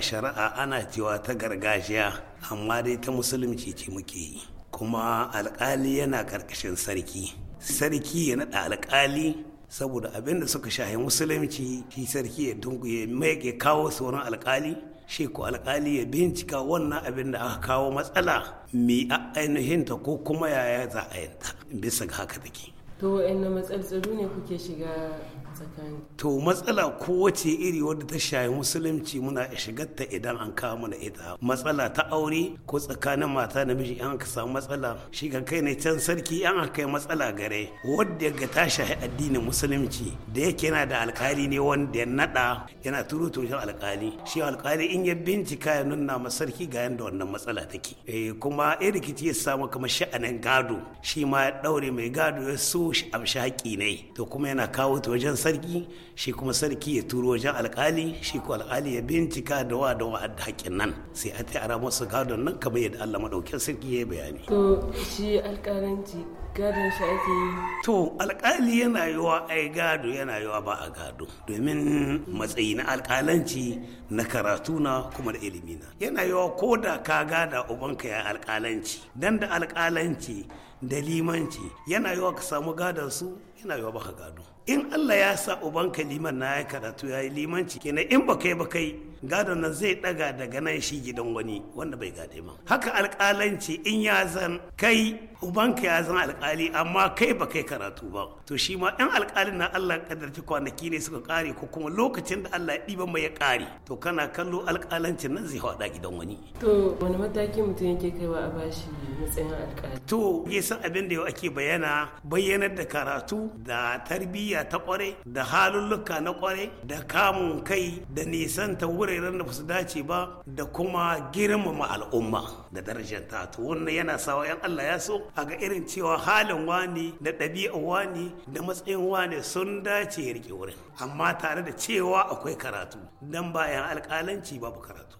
shari'a ana cewa ta gargajiya amma dai ta musulunci ce muke yi kuma alkali yana karkashin sarki sarki ya naɗa alkali saboda abin da suka shahi musulunci shi sarki ya dunguye mai ya kawo sauran alkali shi ko alkali ya bincika wannan abin da aka kawo matsala mi a ainihinta ko kuma yaya za a yanta bisa ga haka take to na matsaltsalu ne kuke shiga to matsala kowace iri wadda ta shayi musulunci muna ta idan an kawo mana ita matsala ta aure ko tsakanin mata na miji an ka samu matsala shi ka kai ne can sarki an aka kai matsala gare wadda ga ta shahi addinin musulunci da yake yana da alkali ne wanda ya nada yana turo shi alkali shi alkali in ya bincika ya nuna ma sarki ga yanda wannan matsala take eh, kuma ya rikici ya samu kamar sha'anin gado shi ma ya daure mai gado ya so shi amshi ne to kuma yana kawo ta wajen sarki sarki shi kuma sarki ya turo wajen alkali shi ko alkali ya bincika da wa da wa hakkin nan sai a ta ara masa gadon nan kamar yadda Allah madaukakin sarki ya bayani to shi alkalanci gado shi ake yi to alkali yana yiwa a yi gado yana yiwa ba a gado domin matsayi na alkalanci na karatu na kuma da ilimi na yana yiwa ko da ka gada ubanka ya alkalanci dan da alkalanci da limanci yana yiwa ka samu gadon su yana yiwa ba ka gado in Allah ya sa ubanka liman na ya karatu ya yi limanci kenan in ba kai ba kai gadon nan zai daga daga nan shi gidan wani wanda bai gade ma haka alƙalanci in ya zan kai ubanka ya zan alƙali amma kai ba kai karatu ba to shi ma ɗan alƙalin na Allah kadarci kwanaki ne suka ƙare ko kuma lokacin da Allah ya ɗiba mai ya ƙare to kana kallo alƙalancin nan zai haɗa gidan wani. to wani mataki mutum yake kaiwa a bashi matsayin alƙali. to ya san abin da yau ake bayyana bayyanar da karatu da tarbiyya ta ƙware da halulluka na ƙware da kamun kai da nisan ta wuraren da su dace ba da kuma girmama al'umma da darajar ta to wannan yana sawa yan Allah ya so a ga irin cewa halin wani da ɗabi'a wani da matsayin wani sun dace ya rike wurin amma tare da cewa akwai karatu dan bayan alƙalanci babu karatu.